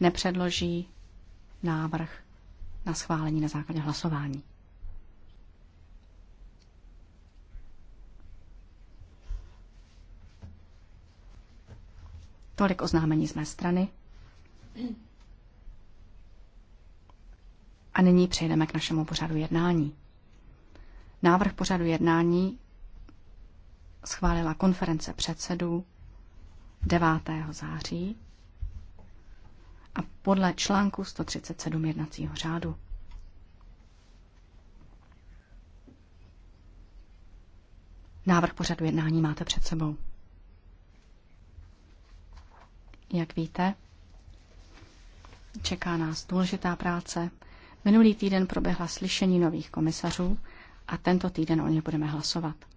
nepředloží návrh na schválení na základě hlasování. Tolik oznámení z mé strany. A nyní přejdeme k našemu pořadu jednání. Návrh pořadu jednání schválila konference předsedů 9. září a podle článku 137 jednacího řádu. Návrh pořadu jednání máte před sebou. Jak víte, čeká nás důležitá práce. Minulý týden proběhla slyšení nových komisařů a tento týden o ně budeme hlasovat.